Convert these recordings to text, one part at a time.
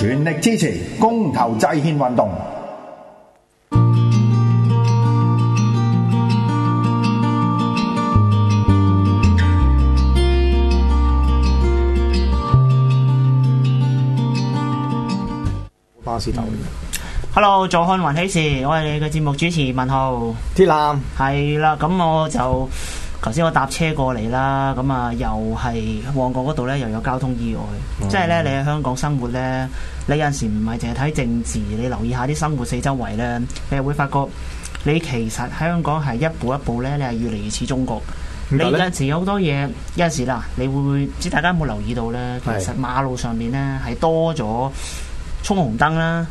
全力支持公投制憲運動。巴士頭，Hello，坐看雲起時，我係你嘅節目主持文豪，鐵男係啦，咁我就。頭先我搭車過嚟啦，咁啊又係旺角嗰度呢，又有交通意外，哦、即係呢，你喺香港生活呢，你有陣時唔係淨係睇政治，你留意下啲生活四周圍呢，你會發覺你其實喺香港係一步一步呢，你係越嚟越似中國。你有陣時好多嘢，有陣時啦，你會唔會？即大家有冇留意到呢？其實馬路上面呢，係多咗衝紅燈啦，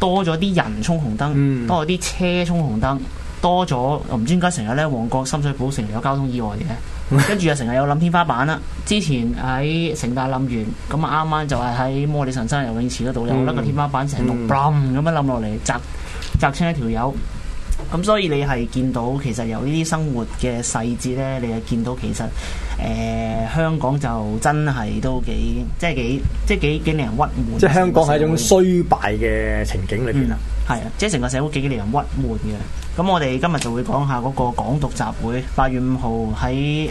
多咗啲人衝紅燈，多咗啲車衝紅燈。嗯多咗，我唔知點解成日咧旺角、常常深水埗成日有交通意外嘅，跟住又成日有冧天花板啦。之前喺城大冧完，咁啱啱就係喺摩理神山游泳池嗰度有一個天花板成棟 boom 咁樣冧落嚟，砸砸親一條友。咁、嗯、所以你係見,見到其實由呢啲生活嘅細節咧，你係見到其實誒香港就真係都幾，即係幾，即係幾,幾幾令人鬱悶。即係香港係一種衰敗嘅情景裏邊啦。嗯嗯係啊，即係成個社會幾幾令人鬱悶嘅。咁我哋今日就會講下嗰個港獨集會，八月五號喺誒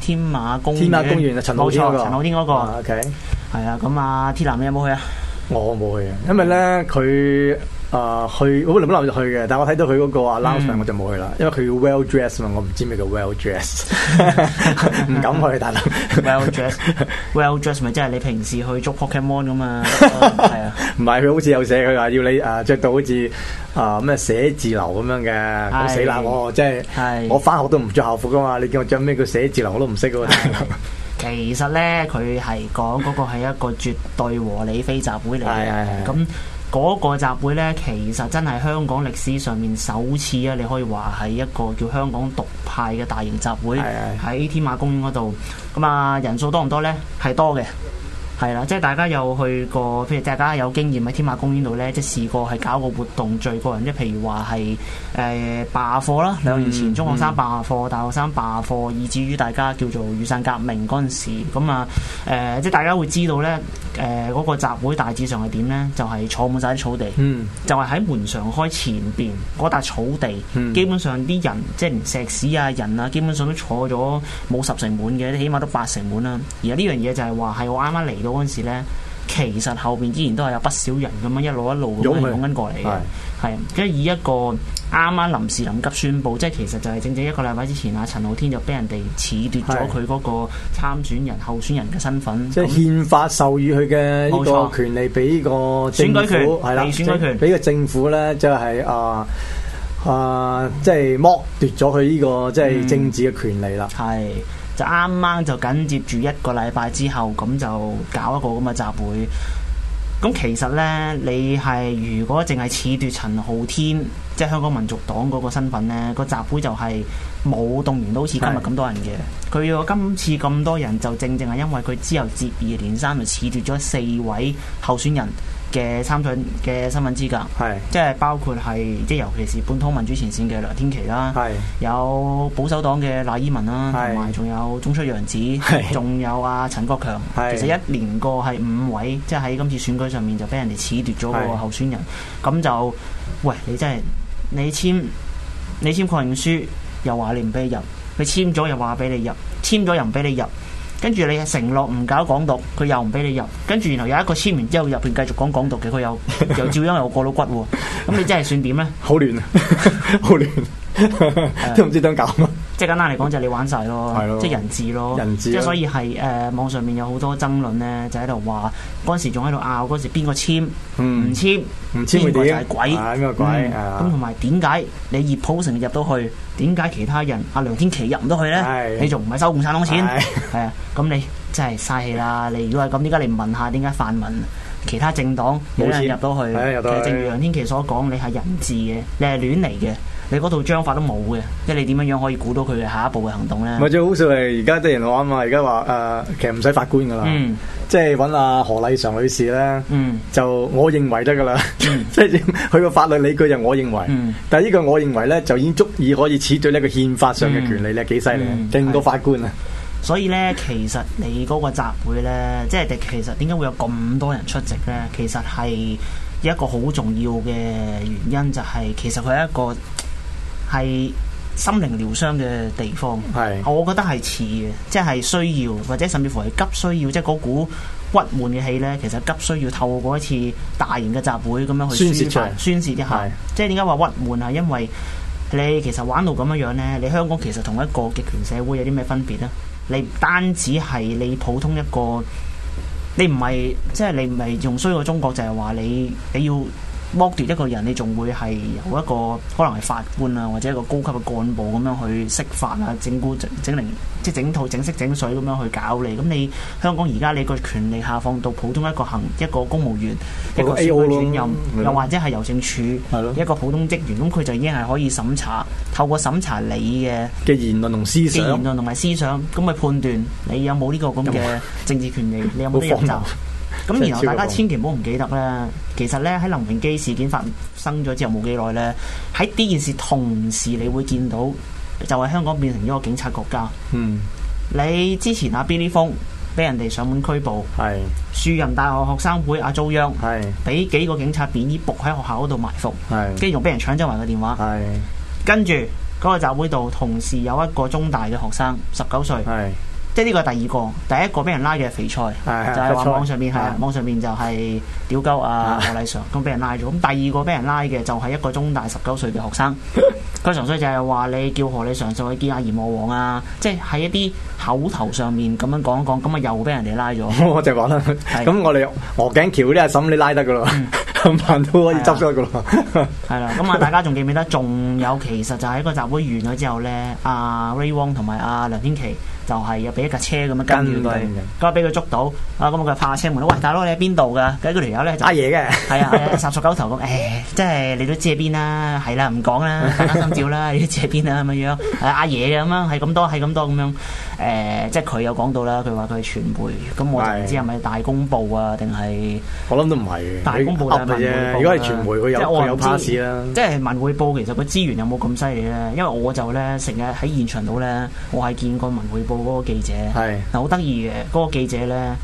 天馬公天馬公園啊，陳浩天嗰個。冇錯，陳浩天嗰個。OK，係啊，咁啊，鐵男你有冇去啊？我冇去啊，因為咧佢誒去，我林斌又去嘅，但係我睇到佢嗰個 announcement，我就冇去啦，因為佢要 well dressed 嘛，我唔知咩叫 well dressed 唔敢去。大係 well dressed，well dressed 咪即係你平時去捉 Pokemon 咁啊？唔係，佢好似有寫，佢話要你誒着、呃、到好似啊咩寫字樓咁、 哎、樣嘅，我死啦！哎、我即係我翻學都唔着校服噶嘛，你叫我着咩叫寫字樓我都唔識嘅。哎、 其實呢，佢係講嗰個係一個絕對和理非集會嚟嘅。咁嗰、哎哎、個集會呢，其實真係香港歷史上面首次啊！你可以話係一個叫香港獨派嘅大型集會，喺天馬公園嗰度。咁啊，人數多唔多呢？係多嘅。係啦，即係大家有去過，譬如大家有經驗喺天馬公園度咧，即係試過係搞個活動聚過人，即譬如話係誒罷課啦，兩年前、嗯、中學生罷課、大學生罷課，以至於大家叫做雨傘革命嗰陣時，咁啊誒，即係大家會知道咧，誒、呃、嗰、嗰個集會大致上係點咧？就係、係、坐滿晒啲草地，嗯、就係喺門上開前邊嗰笪草地，嗯、基本上啲人即係連石屎啊、人啊，基本上都坐咗冇十成滿嘅，起碼都八成滿啦。而家呢樣嘢就係話係我啱啱嚟。嗰陣時咧，其實後邊依然都係有不少人咁樣一路一路咁樣湧緊過嚟嘅，係即係以一個啱啱臨時臨急宣佈，即係其實就係正正一個禮拜之前，阿陳浩天就俾人哋褫奪咗佢嗰個參選人候選人嘅身份，即係憲法授予佢嘅呢個權利俾呢錯個政府選舉權，係啦，即係被選舉權，俾個政府咧、就係呃呃，就係啊啊，即係剝奪咗佢呢個即係政治嘅權利啦，係、嗯。就啱啱就緊接住一個禮拜之後，咁就搞一個咁嘅集會。咁其實呢，你係如果淨係褫奪陳浩天，即係香港民族黨嗰個身份呢，個集會就係冇動員到好似今日咁多人嘅。佢要是今次咁多人，就正正係因為佢之後接二連三就褫奪咗四位候選人。嘅參選嘅新聞資格，是即係包括係即係尤其是本土民主前線嘅梁天琪啦，是有保守黨嘅賴依文啦，同埋仲有中出陽子，仲是有阿陳國強，是其實一連個係五位，即係喺今次選舉上面就俾人哋褫奪咗個候選人，咁是就喂，你真係你簽你簽確認書又話你唔俾你入，你簽咗又話俾你入，簽咗又唔俾你入。跟住你承諾唔搞港獨，佢又唔俾你入。跟住然後有一個簽完之後入邊繼續講港獨嘅，佢又又照樣又過到骨喎、哦。咁你真係算點咧？好亂啊！好亂，都唔知點搞啊！即係簡單嚟講，就係你玩晒咯，即係人治咯，即係所以係誒網上面有好多爭論咧，就喺度話嗰時仲喺度拗嗰時邊個簽唔簽，呢個就係鬼，咁同埋點解你葉普成入到去，點解其他人阿梁天琦入唔到去呢？你仲唔係收共產黨錢？係啊，咁你真係嘥氣啦！你如果係咁，點解你唔問下點解泛民、其他政黨冇人入到去？其實正如梁天琦所講，你係人治嘅，你係亂嚟嘅。你嗰套章法都冇嘅，即係你點樣樣可以估到佢嘅下一步嘅行動咧？咪最好笑係而家啲人話啊而家話誒，其實唔使法官噶啦，嗯、即係搵阿何禮常女士咧，嗯、就我認為得噶啦，即係佢個法律理據就我認為，嗯、但係呢個我認為咧，就已經足以可以褫奪呢個憲法上嘅權利咧，幾犀利，唔到，嗯嗯、法官啊。所以咧，其實你嗰個集會咧，即、就、係、是、其實點解會有咁多人出席咧？其實係一個好重要嘅原因，就係其實佢係一個。係心靈療傷嘅地方，係是我覺得係似嘅，即係需要或者甚至乎係急需要，即係嗰股鬱悶嘅氣呢，其實急需要透過一次大型嘅集會咁樣去宣洩宣洩一下。是即係點解話鬱悶啊？因為你其實玩到咁樣樣呢，你香港其實同一個極權社會有啲咩分別呢？你唔單止係你普通一個，你唔係即係你唔係仲衰過中國就，就係話你你要。剝奪一個人，你仲會係由一個可能係法官啊，或者一個高級嘅幹部咁樣去釋法啊、整固、整零、即係整套、整色整個水咁樣去搞你。咁你香港而家你個權力下放到普通一個行、一個公務員、一個, AO, 一個選委轉任，又或者係郵政署的一個普通職員，咁佢就已經係可以審查，透過審查你嘅嘅言論同思想言論同埋思想，咁去判斷你有冇呢個咁嘅政治權利，你有冇啲成咁然後大家千祈唔好唔記得咧，其實咧喺林榮基事件發生咗之後冇幾耐咧，喺呢件事同時，你會見到就係、是、香港變成咗個警察國家。嗯，你之前阿 Billy 馮俾人哋上門拘捕，係樹仁大學學生會阿遭殃，係俾幾個警察便衣伏喺學校嗰度埋伏，係跟住仲俾人搶走埋個電話，係是 跟住嗰、那個集會度同時有一個中大嘅學生十九歲，係。是 即係呢個第二個，第一個俾人拉嘅肥菜， 就係話網上邊係菜網上面就係屌鳩啊何麗常咁俾人拉咗。咁 第二個俾人拉嘅就係一個中大十九歲嘅學生，佢常粹就係話你叫何麗常上去見阿炎魔王啊，即係喺一啲口頭上面咁樣講一講，咁啊又俾人哋拉咗。我就話啦，咁 是 我哋鑼頸橋啲阿嬸你拉得噶啦，萬、 嗯、 都可以執得噶啦。係啦、啊，咁啊，啊， 啊大家仲記唔記得？仲有其實就一個集會完咗之後咧，阿、啊、Ray Wong 同埋阿梁天琪。就係又俾一架車咁樣跟住，佢，咁啊俾佢捉到啊！咁佢拍下車門，喂，大佬你喺邊度噶？咁佢條友咧就阿爺嘅，係啊，霎熟狗頭咁，誒、哎，即係你都知喺邊啦，係啦，唔講啦，大家心照啦，你都知喺邊、啊啊、啦咁樣，係阿、 啊啊啊、爺嘅咁咯，係咁多係咁多咁樣誒，即係佢有講到啦，佢話佢係傳媒，咁、嗯、我、嗯、就唔知係咪大公報啊定係我諗都唔係大公報嘅啫，如果係傳媒佢、嗯、有我、嗯、有 pass 啦，即係文匯報其實個資源有冇咁犀利咧？因為我就咧成日喺現場度咧，我係見過文匯報。嗰個記者係，嗱好得意嘅，嗰個記者咧，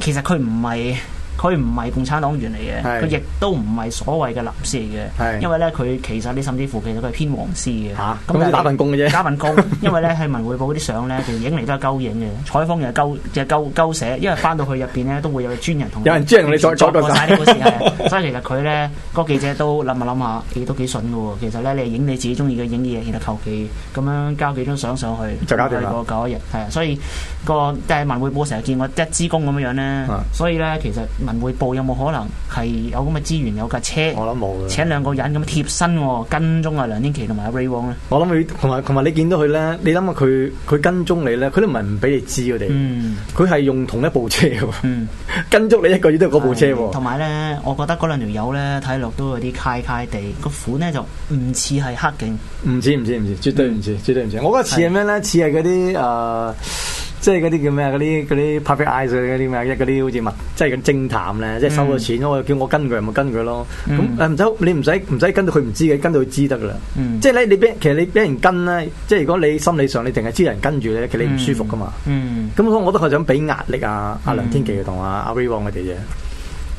其實佢唔係。佢唔係共產黨員嚟嘅，佢亦都唔係所謂嘅藍絲嚟嘅，因為咧佢其實你甚至乎其實佢係偏黃絲嘅嚇。咁只打份工嘅啫。打份工，因為咧喺文匯報嗰啲相咧，其實影嚟都係勾影嘅，採訪又係勾，又係勾勾寫，因為翻到去入邊咧都會有專人同。有人專人你再阻架。我睇啲嘅事係，所以其實佢咧個記者都諗下諗下，亦都幾順嘅喎。其實咧你影你自己中意嘅影嘢，其實求其咁樣交幾張相上去就交掂啦。過夠一日，係所以個誒文匯報成日見我一支公咁樣樣咧，所以咧其實。人會報有冇可能係有咁嘅資源有架車？我諗冇嘅，請兩個人咁貼身、啊、跟蹤啊梁天琦同埋阿 Ray Wong 咧。我諗佢同埋同埋你見到佢咧，你諗下佢佢跟蹤你咧，佢都唔係唔俾你知佢哋。嗯，佢係用同一部車喎，嗯、 跟足你一個月都係嗰部車。同埋咧，我覺得嗰兩條友咧睇落都有啲揩揩地，個款咧就唔似係黑警，唔似唔似唔似，絕對唔似、嗯，絕對唔似。我覺得似係咩咧？似係嗰啲誒。即係嗰啲叫咩啊？嗰啲嗰啲 private eyes 嗰啲咩？嗰啲好似物，即係咁偵探咧，即係收咗錢，我、嗯、叫我跟佢，咪跟佢咯。咁啊唔好，你唔使唔使跟到佢唔知嘅，跟到佢知得噶啦。嗯、即係咧，你俾其實你俾人跟咧，即係如果你心理上你淨係知有人跟住你，其實你唔舒服噶嘛。咁、嗯嗯、我我都係想俾壓力啊，阿、啊啊、梁天琦同啊阿 Ray Wong 佢哋啫。啊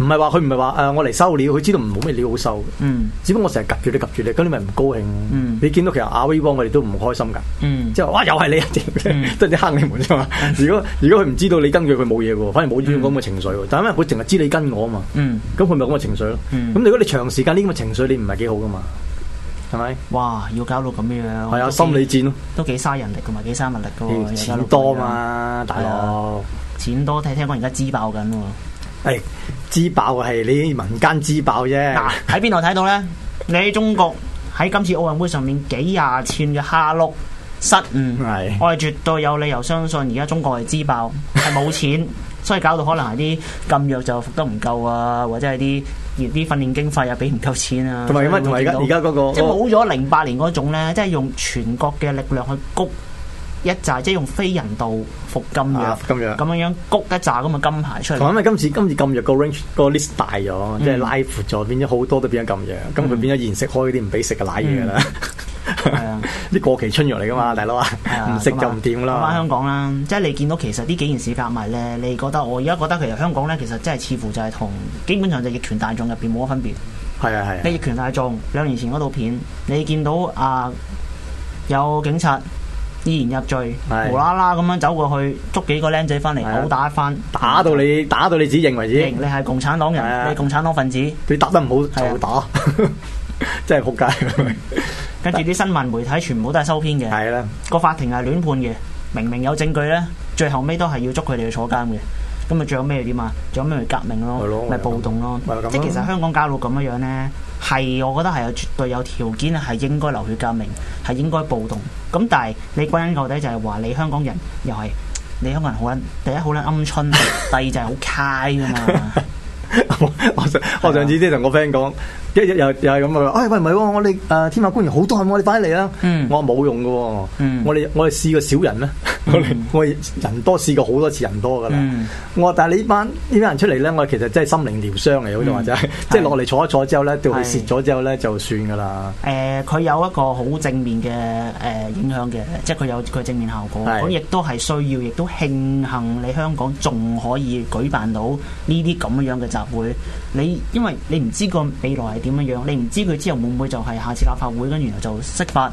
唔係話佢唔係話誒，我嚟收料，佢知道唔冇咩料好收。只不過我成日夾住你、夾住你，咁你咪唔高興。你見到其實阿威哥我哋都唔開心㗎。之即係哇，又係你一隻，都係你坑你門啫嘛。如果如果佢唔知道你跟住佢冇嘢喎，反而冇咗咁嘅情緒。但係因為佢淨係知你跟我啊嘛。嗯，咁佢咪咁嘅情緒咯。嗯，咁如果你長時間呢咁嘅情緒，你唔係幾好㗎嘛，係咪？哇！要搞到咁樣。係啊，心理戰咯。都幾嘥人力同埋幾嘥物力。錢多嘛，大佬，錢多聽聽講而家知爆緊喎。支爆係你民間支爆啫、啊。嗱，喺邊度睇到咧？你中國喺今次奧運會上面幾廿千嘅蝦碌失誤，的我係絕對有理由相信而家中國係支爆，係冇錢， 所以搞到可能係啲禁藥就服得唔夠啊，或者係啲而啲訓練經費又俾唔夠錢啊。同埋，同埋而家而家嗰個即係冇咗零八年嗰種咧，即係用全國嘅力量去谷。一紮即係用非人道服金嘅咁樣樣，谷一紮咁嘅金牌出嚟。同埋今次今次禁藥個 range，個 list 大咗，即係拉闊咗，變咗好多都變咗禁藥。根本變咗現食開啲唔俾食嘅瀨嘢啦。係啊，啲過期春藥嚟噶嘛，大佬啊，唔食就唔掂啦。翻香港啦，即係你見到其實呢幾件事夾埋咧，你覺得我而家覺得其實香港咧，其實真係似乎就係同基本上就逆權大眾入邊冇乜分別。係啊係。啲逆權大眾兩年前嗰套片，你見到啊有警察。依然入罪，的無啦啦咁樣走過去捉幾個僆仔翻嚟毆打一番，打到你打到你自己認為自己，認你係共產黨人，的你共產黨分子，你打得唔好就的打， 真係仆街。 跟住啲新聞媒體全部都係收編嘅，係啦的，個法庭係亂判嘅，明明有證據咧，最後尾都係要捉佢哋去坐監嘅。.咁咪仲有咩點啊？仲有咩去革命咯？咪了暴動咯！即係其實香港搞到咁樣樣咧，係我覺得係有絕對有條件係應該流血革命，係應該暴動。咁但係你歸根究底就係話你香港人又係你香港人好捻？第一好捻鵪鶉， 第二就係好卡噶嘛。我我我上次即係同個 friend 講。一日又又係咁啊！哎喂，唔係喎，我哋誒添馬公園好多人，我哋快啲嚟啦！我話冇用嘅喎，我哋我哋試過少人咧，我哋我哋人多試過好多次人多嘅啦。我話，但係呢班呢班人出嚟咧，我其實真係心靈療傷嚟，好似話齋，即係落嚟坐一坐之後咧，到佢泄咗之後咧，就算㗎啦。誒，佢有一個好正面嘅誒影響嘅，即係佢有佢正面效果。咁亦都係需要，亦都慶幸你香港仲可以舉辦到呢啲咁樣嘅集會。你因為你唔知個未來點樣樣？你唔知佢之後會唔會就係下次立法會跟住然後就釋法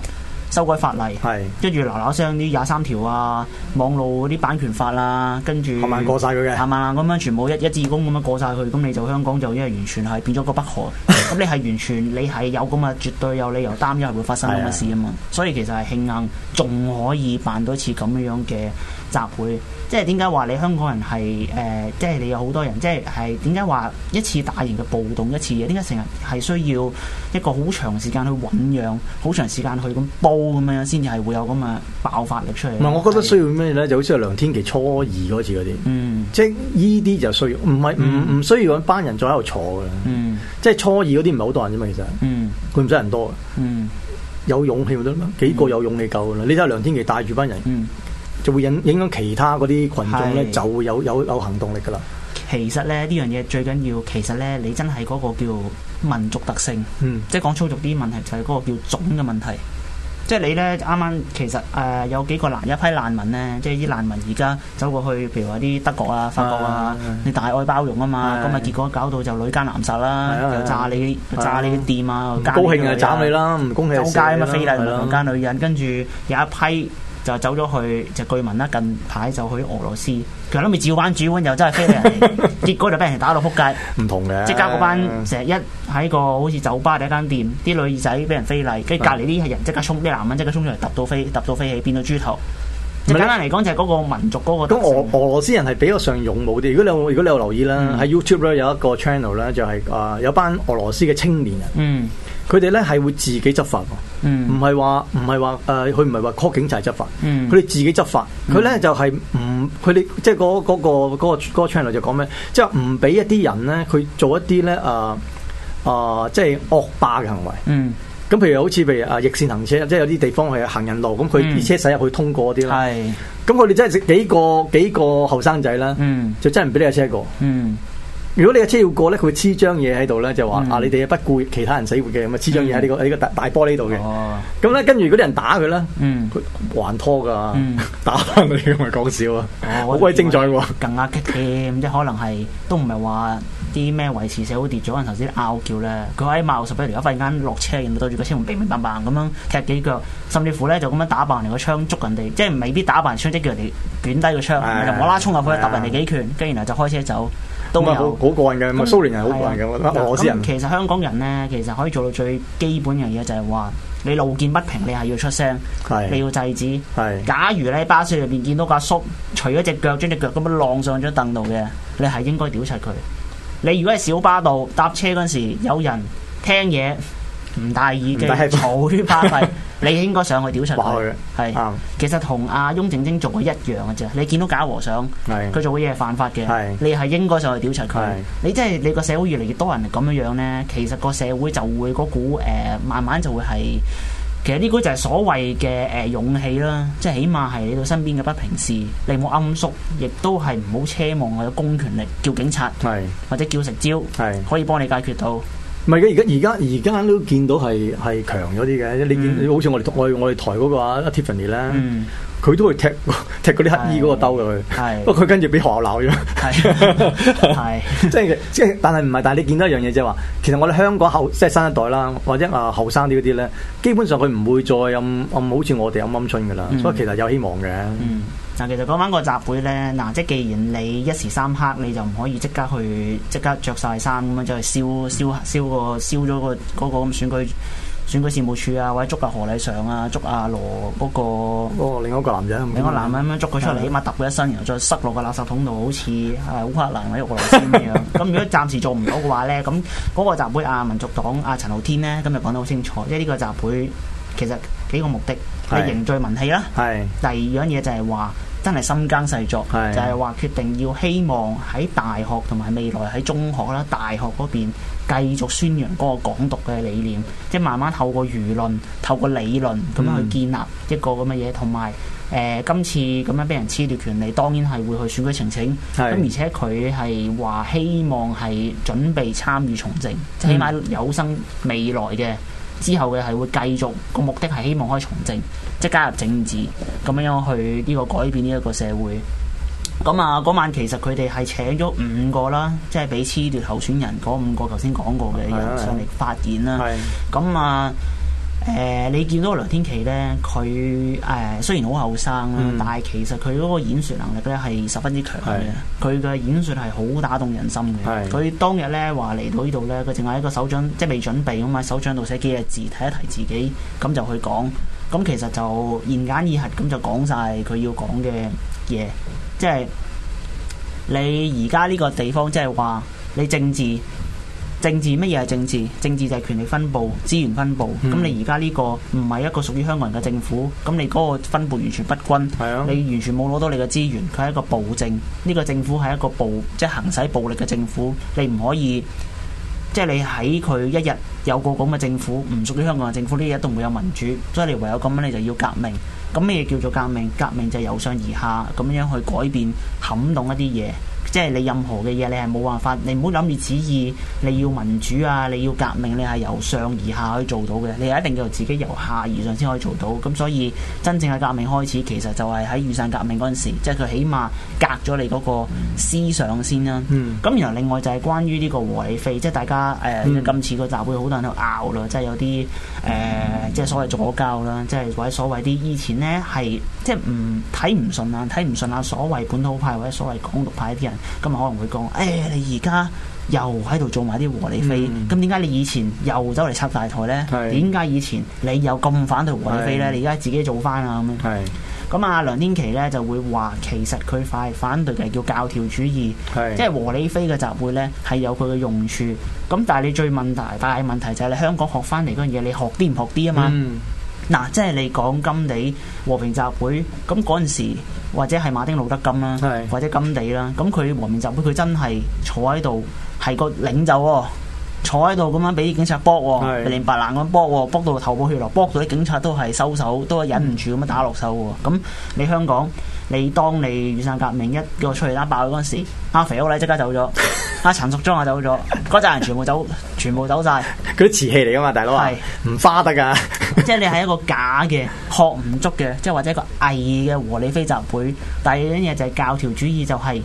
修改法例，的跟住鬧鬧聲啲廿三條啊、網路嗰啲版權法啊，跟住慢慢過晒佢嘅，慢慢咁樣全部一一字公咁樣過晒佢，咁你就香港就因為完全係變咗個北韓，咁 你係完全你係有咁、這、嘅、個、絕對有理由擔憂係會發生咁嘅事啊嘛。的所以其實係慶幸仲可以辦到一次咁樣樣嘅集會。即係點解話你香港人係誒、呃？即係你有好多人，即係係點解話一次大型嘅暴動一次嘢？點解成日係需要一個好長時間去醖釀，好、嗯、長時間去咁煲咁樣先至係會有咁嘅爆發力出嚟？唔係，我覺得需要咩咧？是就好似梁天琦初二嗰次嗰啲，嗯，即係依啲就需要，唔係唔唔需要班人再喺度坐嘅，嗯，即係初二嗰啲唔係好多人啫嘛，其實，嗯，佢唔使人多，嗯，嗯有勇氣就得啦，幾個有勇氣夠啦。你睇下梁天琦帶住班人，嗯。就會引影響其他嗰啲群眾咧，的就會有有有行動力噶啦。其實咧呢樣嘢最緊要，其實咧你真係嗰個叫民族特性，嗯、即係講粗俗啲問題，就係、是、嗰個叫種嘅問題。即係你咧啱啱其實誒、呃、有幾個難一批難民咧，即係啲難民而家走過去，譬如話啲德國啊、法國啊，是的是的是你大愛包容啊嘛，咁啊是的 結果搞到就女姦男殺啦，又炸你的又炸你啲店啊，的高興啊斬你啦，唔公氣就殺啊嘛，非禮強姦女人，跟住有一批。就走咗去就據聞啦，近排就去俄羅斯，佢諗住照辦煮碗，又真係飛嚟，結果就俾人打到撲街。唔同嘅、啊，即刻嗰班成日一喺個好似酒吧第一間店，啲女仔俾人非禮，跟住隔離啲係人即刻衝，啲是的 男人即刻衝出嚟揼到飛揼到飛起，變咗豬頭。簡單嚟講，就係嗰個民族嗰個。咁俄俄羅斯人係比較上勇武啲。如果你如果你有留意啦，喺、嗯、YouTube 咧有一個 channel 咧、就係，就係啊有班俄羅斯嘅青年人。嗯嗯佢哋咧係會自己執法，唔係話唔係話誒，佢唔係話 call 警察係執法，佢哋、嗯、自己執法。佢咧、嗯、就係唔，佢哋即係嗰嗰個 channel、嗰個嗰個嗰個、就講咩，即係唔俾一啲人咧，佢做一啲咧誒誒，即、呃、係、即係、惡霸嘅行為。嗯，咁譬如好似譬如啊逆線行車，即係有啲地方係行人路，咁佢啲車駛入去通過啲啦。係、嗯，咁佢哋真係幾個幾個後生仔啦，就真係唔俾呢架車過。嗯。如果你嘅車要過咧，佢會黐張嘢喺度咧，就話啊你哋不顧其他人死活嘅，咁啊黐張嘢喺呢個呢個大玻璃度嘅。咁咧跟住如果啲人打佢咧，還拖噶，打翻佢咪講笑啊，好鬼精彩噶，更加激添，即可能係都唔係話啲咩維持社會秩序，可能頭先拗叫咧，佢喺馬路十米條忽然間落車，然後對住個車門明明白白咁樣踢幾腳，甚至乎咧就咁樣打爆人個窗，捉人哋，即係未必打爆人窗，即叫人哋捲低個窗，就無啦啦衝入去揼人哋幾拳，跟住然後就開車走。都唔係好好過癮嘅，咁、嗯、蘇聯人係好過癮嘅，嗯、我覺得。其實香港人咧，其實可以做到最基本樣嘢，就係話你路見不平，你係要出聲，的你要制止。係的。假如你喺巴士入邊見到個阿叔，除咗隻腳，將隻腳咁樣晾上咗凳度嘅，你係應該屌柒佢。你如果係小巴度搭車嗰陣時，有人聽嘢唔戴耳機，屬於霸位。你應該上去屌柒佢，係，其實同阿翁正正做嘅一樣嘅啫。你見到假和尚，佢的做嘅嘢係犯法嘅，的你係應該上去屌柒佢。的你即係你個社會越嚟越多人咁樣樣呢。其實個社會就會嗰股誒、呃，慢慢就會係，其實呢股就係所謂嘅誒勇氣啦。即係起碼係你對身邊嘅不平事，你冇暗縮，亦都係唔好奢望我有公權力叫警察的，或者叫食蕉，可以幫你解決到。唔係嘅，而家而家而家都見到係係強咗啲嘅。嗯、你見好似我哋我我哋台嗰個啊 Tiffany 咧，佢都會踢踢嗰啲黑衣嗰個兜入去。不過佢跟住俾學校鬧咗。係即係即係，但係唔係？但係你見到一樣嘢即係話，其實我哋香港後即係新一代啦，或者啊後生啲嗰啲咧，基本上佢唔會再咁咁好似我哋咁鵪鶉嘅啦。所以其實有希望嘅。嗯嗯。嗱，其實講翻個集會咧，嗱，即係既然你一時三刻你就唔可以即刻去即刻着晒衫咁樣就去，就係燒燒燒個燒咗個嗰咁選舉選舉事務處啊，或者捉個何禮尚啊，捉阿、啊、羅嗰、那個、個另外一個男人，啊、另一個男人咁樣捉佢出嚟，起碼揼佢一身，然後再塞落個垃圾桶度，好似烏克蘭或者俄羅斯咁樣喎，咁 如果暫時做唔到嘅話咧，咁嗰個集會啊，民族黨啊，啊，陳浩天咧，今日講得好清楚，即係呢個集會其實幾個目的，係 凝聚民氣啦，係， 第二樣嘢就係話。真係深耕細作，是就係話決定要希望喺大學同埋未來喺中學啦、大學嗰邊繼續宣揚嗰個港獨嘅理念，即係慢慢透過輿論、透過理論咁樣去建立一個咁嘅嘢。同埋、呃、今次咁樣俾人褫奪權利，當然係會去選舉呈請。咁是而且佢係話希望係準備參與從政，是起碼有生未來嘅。之後嘅係會繼續，個目的係希望可以從政，即係加入政治咁樣樣去呢個改變呢一個社會。咁啊，嗰晚其實佢哋係請咗五個啦，即係俾褫奪候選人嗰五個頭先講過嘅人上嚟的發言啦。咁的啊。的誒、呃，你見到梁天琦呢，佢誒、呃、雖然好後生，但係其實佢嗰個演說能力咧係十分之強嘅，佢嘅的演說係好打動人心嘅。佢的當日呢話嚟到呢度呢，佢淨係一個手掌，嗯、即係未準備啊嘛，手掌度寫幾隻字，提一提自己，咁就去講。咁其實就言簡意賅咁就講晒佢要講嘅嘢，即係你而家呢個地方，即係話你政治。政治，乜嘢係政治？政治就係權力分布，資源分布。咁、嗯、你而家呢個唔係一個屬於香港人嘅政府，咁你嗰個分布完全不均，啊、你完全冇攞到你嘅資源。佢係一個暴政，呢、這個政府係一個暴，即係行使暴力嘅政府。你唔可以，即係你喺佢一日有個咁嘅政府，唔屬於香港嘅政府，呢日都唔會有民主。所以你唯有咁樣，你就要革命。咁咩叫做革命？革命就由上而下咁樣去改變撼動一啲嘢。即係你任何嘅嘢，你係冇辦法，你唔好諗住旨意，你要民主啊，你要革命，你係由上而下可以做到嘅，你係一定要自己由下而上先可以做到。咁所以真正嘅革命開始，其實就係喺雨傘革命嗰陣時，即係佢起碼隔咗你嗰個思想先啦。咁、嗯、然後另外就係關於呢個和理非，即係大家誒、呃嗯、今次個集會好多人喺度拗咯，即係有啲誒、呃嗯嗯、即係所謂左膠啦，即係或者所謂啲以前呢，係即係唔睇唔順啊，睇唔順啊，所謂本土派或者所謂港獨派啲人。咁啊，可能會講誒、欸，你而家又喺度做埋啲和理非，咁點解你以前又走嚟拆大台呢？點解是以前你有咁反對和理非呢？是你而家自己做翻啊咁樣，係咁啊，梁天琦呢，就會話，其實佢反反對嘅叫教條主義，是即係和理非嘅集會呢，係有佢嘅用處。咁但係你最問題，大問題就係你香港學翻嚟嗰樣嘢，你學啲唔學啲啊嘛。嗯嗱，即係你講甘地和平集會，咁嗰陣時或者係馬丁路德金啦，或者甘地啦，咁佢和平集會佢真係坐喺度，係個領袖喎，坐喺度咁樣俾警察搏喎，連白爛咁搏喎，搏到頭破血流，搏到啲警察都係收手，都係忍唔住咁樣打落手喎。咁你香港，你當你雨傘革命一個出嚟打爆嗰陣時，阿肥屋咧即刻走咗，阿陳淑莊啊走咗，嗰扎人全部走，全部走曬。佢啲瓷器嚟噶嘛，大佬啊，係，唔花得噶。即係你係一個假嘅、學唔足嘅，即係或者一個偽嘅和理非集會。第二樣嘢就係教條主義，就係、是、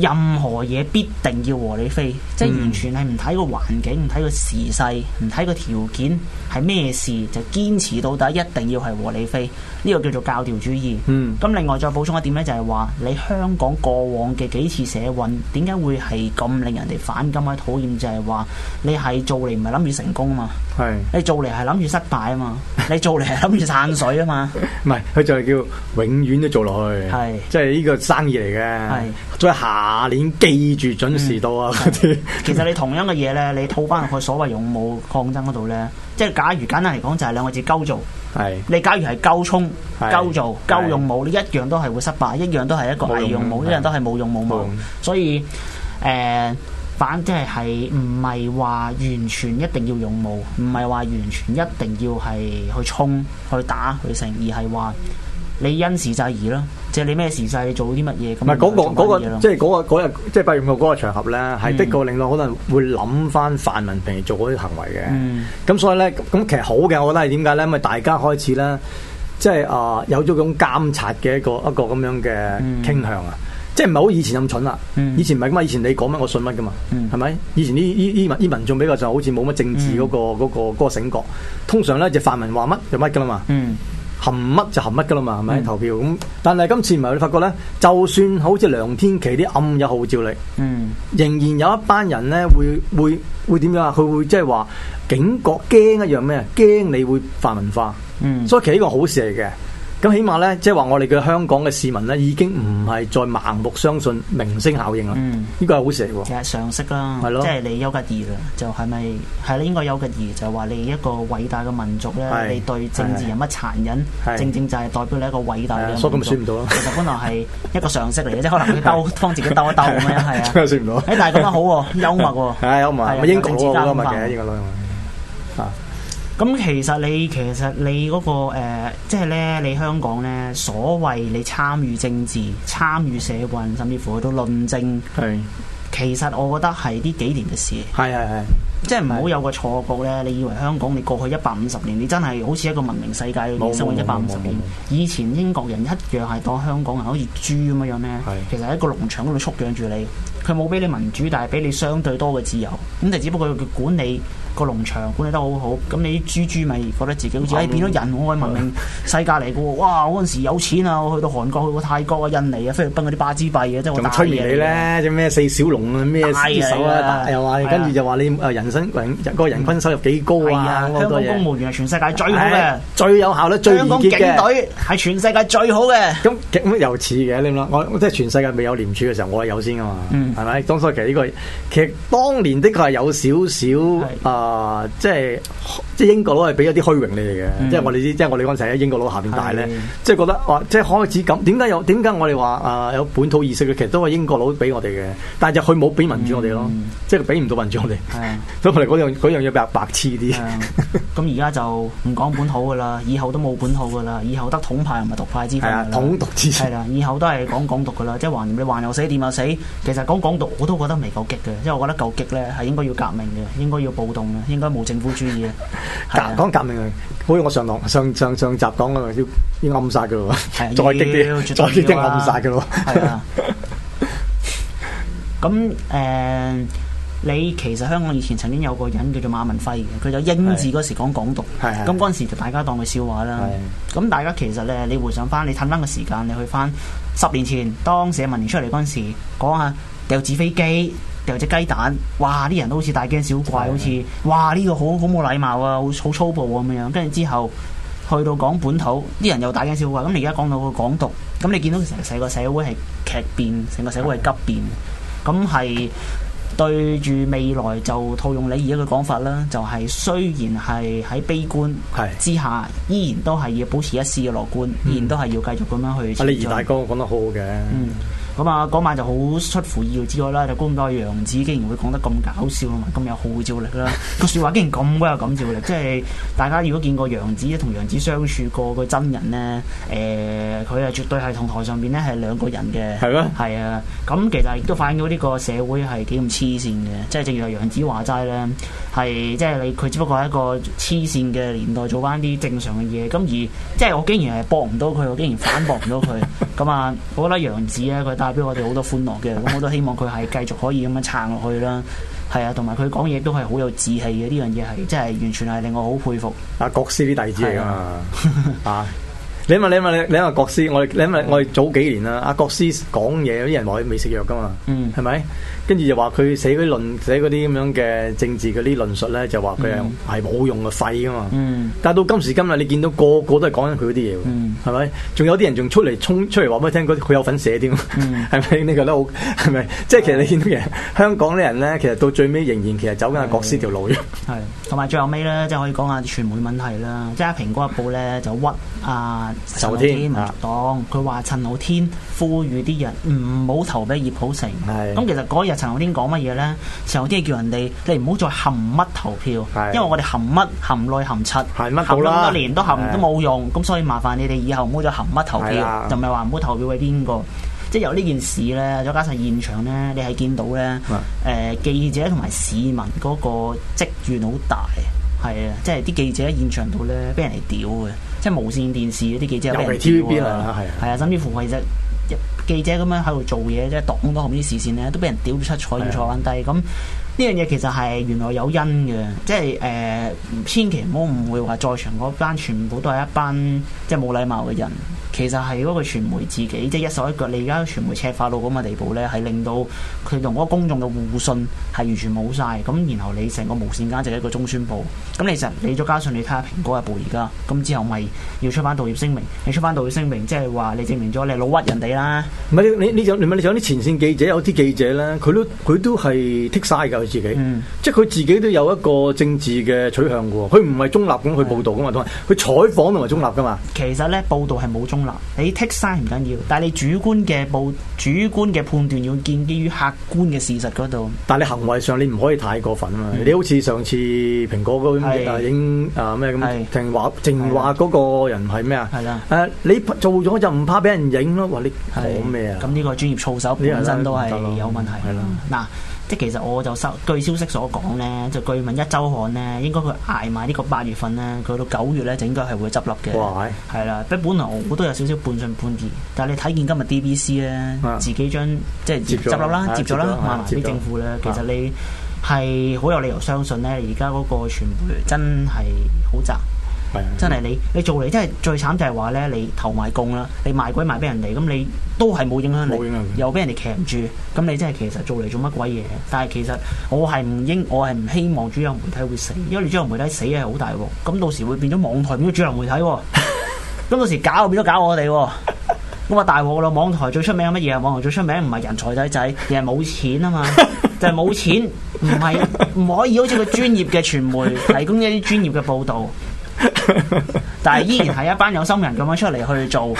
任何嘢必定要和理非，即係完全係唔睇個環境，唔睇個時勢，唔睇個條件係咩事，就堅持到底，一定要係和理非。呢個叫做教條主義。咁、嗯、另外再補充一點咧，就係話你香港過往嘅幾次社運，點解會係咁令人哋反感同埋討厭？就係話你係做嚟唔係諗住成功啊嘛，是你做嚟係諗住失敗啊嘛， 你做嚟係諗住散水啊嘛。唔係， 佢就係叫永遠都做落去，即係呢個生意嚟嘅。所以下是年記住準時到啊！嗰啲、嗯、 其實你同樣嘅嘢咧，你套翻去所謂勇武抗爭嗰度咧，即係假如簡單嚟講，就係兩個字：鳩做。係，你假如係夠衝、夠做、夠用武，你一樣都係會失敗，一樣都係一個冇用武，用用一樣都係冇用冇武，武。用所以，誒、呃，反即係係唔係話完全一定要用武，唔係話完全一定要係去衝、去打、去成，而係話。你因時制宜咯，即係你咩時勢，做啲乜嘢咁。唔係嗰個即係嗰日，即係八月五號嗰個場合咧，係、嗯、的確令到可能會諗翻泛民平時做嗰啲行為嘅。咁、嗯、所以咧，咁其實好嘅，我覺得係點解咧？因為大家開始咧，即係啊，有咗咁監察嘅一個一個咁樣嘅傾向啊。嗯、即係唔係好以前咁蠢啦？嗯、以前唔係咁嘛，以前你講乜我信乜噶嘛，係咪、嗯？以前啲啲啲民啲民眾比較就好似冇乜政治嗰、嗰個嗰個醒覺。嗯、通常咧，就泛民話乜就乜噶啦嘛。嗯嗯嗯含乜就含乜噶啦嘛，係咪、嗯、投票咁？但係今次唔係，你發覺咧，就算好似梁天琦啲暗有號召力，嗯，仍然有一班人咧會會會點樣啊？佢會即係話警覺，驚一樣咩？驚你會泛文化，嗯，所以其實呢個好事嚟嘅。咁起碼咧，即係話我哋嘅香港嘅市民咧，已經唔係再盲目相信明星效應啦。嗯，呢個係好事嚟嘅。其實常識啦，係咯，即係你丘吉爾啦，就係咪係咧？應該丘吉爾就話你一個偉大嘅民族咧，你對政治有乜殘忍，正正就係代表你一個偉大嘅民族。所以咁咪算唔到咯。其實本來係一個常識嚟嘅，即可能佢兜自己兜一兜咁樣，係啊。真係算唔到。但係咁樣好喎，幽默喎。係幽默，係英國幽默嘅個咁、嗯、其實你其實你嗰、嗰個即係咧，呃即係、你香港咧，所謂你參與政治、參與社運，甚至乎都論政，是其實我覺得係呢幾年嘅事。係係係，即係唔好有個錯覺咧，是你以為香港你過去一百五十年，你真係好似一個文明世界咁生活一百五十年。冇冇冇以前英國人一樣係當香港人好似豬咁樣樣咧，是其實喺個農場度蓄養住你，佢冇俾你民主，但係俾你相對多嘅自由。咁就只不過佢管理。個農場管理得好好，咁你豬豬咪覺得自己好似，哎變咗人，我係文明世界嚟噶喎！哇，嗰陣時有錢啊，我去到韓國，去過泰國啊、印尼啊，菲律賓嗰啲巴茲幣啊，即係打嘢。咁催眠你咧，即咩四小龍啊，咩啲、啊、手啊，又話跟住就話你人生人、個人均收入幾高啊！啊香港公務員係全世界最好嘅，哎，最有效率、最嚴謹嘅。香港警隊係全世界最好嘅。咁咁又似嘅，你唔諗我即係全世界未有廉署嘅時候，我係有先噶嘛？係咪、嗯？當初其實呢、呢個其實當年的確係有少少啊。啊，即係即係英國佬係俾一啲虛榮你哋嘅，即係我哋即係我哋嗰陣時喺英國佬下邊大咧，即係覺得，哇，即係開始咁，點解有？點解我哋話啊有本土意識嘅？其實都係英國佬俾我哋嘅，但係就佢冇俾民主我哋咯，即係俾唔到民主我哋。所以我哋嗰樣嗰樣嘢比較白痴啲。咁而家就唔講本土噶啦，以後都冇本土噶啦，以後得統派同埋獨派之分。統獨之分。係啦，以後都係講港獨噶啦，即係橫你橫又死，點又死。其實講港獨我都覺得未夠激嘅，因為我覺得夠激咧係應該要革命嘅，應該要暴動。應該冇政府主義啊！革講革命啊！好似我上堂，上上上集講啊，要要暗殺嘅喎，再激啲，再激啲、啊、暗殺嘅咯，係啊、嗯！咁誒、 嗯，你其實香港以前曾經有個人叫做馬文輝嘅，佢就英治嗰時講港獨，咁嗰陣時就大家當佢笑話啦。咁的大家其實咧，你回想翻，你褪翻個時間，你去翻十年前，當社民聯出嚟嗰陣時，講下掉紙飛機。有隻雞蛋，哇！啲人都好似大驚小怪，的好似哇呢、呢個好好冇禮貌啊，好好粗暴咁樣。跟住之後，去到講本土，啲人又大驚小怪。咁你而家講到個港獨，咁你見到成成個社會係劇變，成個社會係急變，咁係的對住未來就套用你而家嘅講法啦。就係、係、雖然係喺悲觀之下，依然都係要保持一絲嘅樂觀，的依然都係要繼續咁樣去。的啊、你李大哥講得好好嘅。嗯咁啊，嗰晚就好出乎意料之外啦！就估唔到楊子竟然會講得咁搞笑啊，嘛，咁有號召力啦！個 說話竟然咁鬼有感召力，即係大家如果見過楊子，同楊子相處過個真人咧，誒、呃，佢啊絕對係同台上面咧係兩個人嘅，係嗎啊，係啊！咁其實亦都反映到呢個社會係幾咁黐線嘅，即係正如楊子話齋咧，係即係你佢只不過係一個黐線嘅年代做翻啲正常嘅嘢，咁而即係我竟然係駁唔到佢，我竟然反駁唔到佢，咁啊，我覺得楊子咧，佢帶俾我哋好多歡樂嘅，咁我都希望佢係繼續可以咁樣撐落去啦。係 啊，同埋佢講嘢都係好有志氣嘅，呢樣嘢係真係完全係令我好佩服。阿國師啲弟子嚟噶嘛？ 啊，你問你問你問國師，我哋你問我哋早幾年啦，阿國師講嘢，有啲人話佢未食藥噶嘛？嗯，係咪？跟住就話佢寫嗰啲論寫嗰啲咁樣嘅政治嗰啲論述咧，就話佢係冇用嘅廢㗎嘛。嗯、但係到今時今日，你見到個個都係講緊佢嗰啲嘢，係咪？嗯？仲有啲人仲出嚟衝出嚟話俾你聽佢有份寫添，係咪？嗯？呢個都好係咪？即係其實你見到其實香港啲人咧，其實到最尾仍然其實走緊阿國師條路嘅。係同埋最後尾咧，即係可以講下傳媒問題啦。即係《蘋果日報》咧就屈啊，受啲民獨黨，佢話的陳浩天，天呼籲啲人唔好投俾葉普成。咁其實嗰日。陳浩天講乜嘢咧？陳浩天係叫人哋你唔好再含乜投票，因為我哋含乜含內含柒，含咗好多年都含都冇用，咁所以麻煩你哋以後唔好再含乜投票，就唔係話唔好投票俾邊個。即係由呢件事咧，再加上現場咧，你係見到咧，誒記者同埋市民嗰個積怨好大，係啊，即係啲記者喺現場度咧，俾人哋屌嘅，即係無線電視嗰啲記者俾人 TVB 係啊，甚至乎我哋。記者咁樣喺度做嘢，即係擋到後面啲視線咧，都俾人屌到七彩，要坐返低。咁呢樣嘢其實係原來有因嘅，即係誒、呃，千祈唔好唔會話在場嗰班全部都係一班即係冇禮貌嘅人。其實係嗰個傳媒自己，即係一手一腳。你而家傳媒赤化到咁嘅地步咧，係令到佢同嗰個公眾嘅互信係完全冇晒。咁然後你成個無線間就係一個中宣部。咁其實你再加上你睇下蘋果日報而家，咁之後咪要出翻道歉聲明？你出翻道歉聲明，即係話你證明咗你老屈人哋啦。唔係你你你有你啲前線記者，有啲記者咧，佢都佢都係剔曬㗎佢自己。嗯。即係佢自己都有一個政治嘅取向嘅喎，佢唔係中立咁去報導㗎嘛，佢的採訪同埋中立㗎嘛。其實咧，報導係冇中。你 take side 唔緊要，但係你主觀嘅報主觀嘅判斷要建基於客觀嘅事實嗰度。但係你行為上你唔可以太過分啊嘛！你好似上次蘋果嗰啲啊影啊咩咁淨話淨話嗰個人係咩啊？誒，你做咗就唔怕俾人影咯？話你講咩啊？咁呢個專業操守本身都係有問題。係啦。嗱。即其實我就收據消息所講咧，就據聞一周刊咧，應該佢捱埋呢個八月份咧，佢到九月咧，就應該係會執笠嘅。係啦哇，不過本來我都有少少半信半疑，但係你睇見今日 DBC 咧，啊、自己將即係執笠啦，接咗了啦，賣埋俾政府咧，了其實你係好有理由相信咧，而家嗰個傳媒真係好雜。 真係你你做嚟，真係最慘就係話咧，你投埋共啦，你賣鬼賣俾人哋，咁你都係冇影響你，你，又俾人哋騎住，咁你真係其實做嚟做乜鬼嘢？但係其實我係唔應，我係唔希望主流媒體會死，因為你主流媒體死係好大鑊，咁到時會變咗網台變咗主流媒體喎，咁到時搞變咗搞我哋，咁啊大鑊咯！網台最出名係乜嘢啊？網台最出名唔係人才仔仔，而係冇錢啊嘛，就係、是、冇錢，唔係唔可以好似個專業嘅傳媒提供一啲專業嘅報道。 但係依然係一班有心人咁樣出嚟去做，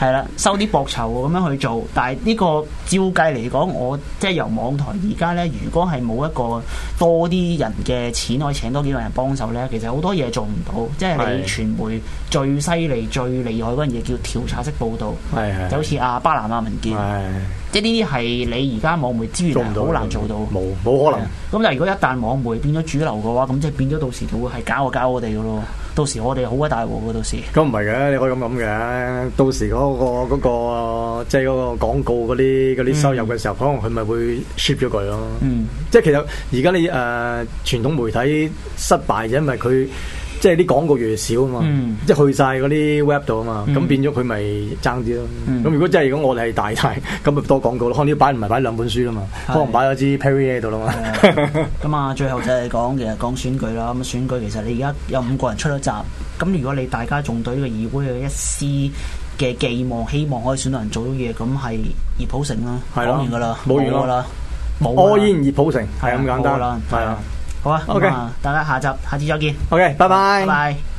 係啦， 收啲薄酬咁樣去做。但係呢個照計嚟講，我即係由網台而家呢，如果係冇一個多啲人嘅錢，可以請多幾個人幫手呢，其實好多嘢做唔到。即係你傳媒最犀利、最厲害嗰樣嘢叫調查式報道， 的就好似阿巴拿馬文件，即係呢啲係你而家網媒資源好難做到，冇冇可能。咁但係如果一旦網媒變咗主流嘅話，咁即係變咗到時就會係搞，搞我搞我哋噶咯。到時我哋好鬼大鑊㗎， 到時、那個。咁唔係嘅，你可以咁諗嘅。到時嗰個即係嗰個廣告嗰啲啲收入嘅時候，可能佢咪會 ship 咗佢咯。嗯， 即係其實而家你誒、呃、傳統媒體失敗就因為佢。即係啲廣告越少啊嘛，即係去晒嗰啲 web 度啊嘛，咁變咗佢咪爭啲咯。咁如果真係如果我哋係大太，咁咪多廣告咯。可能要擺唔係擺兩本書啊嘛，可能擺咗支 Perry 喺度啦嘛。咁啊，最後就係講其實講選舉啦。咁選舉其實你而家有五個人出咗閘，咁如果你大家仲對呢個議會有一絲嘅寄望、希望可以選到人做到嘢，咁係熱普城啦，講完噶啦，冇完啦，冇煙熱普城，係咁簡單，係啊。好啊，咁啊，大家下集下次再見。OK，拜拜。拜拜。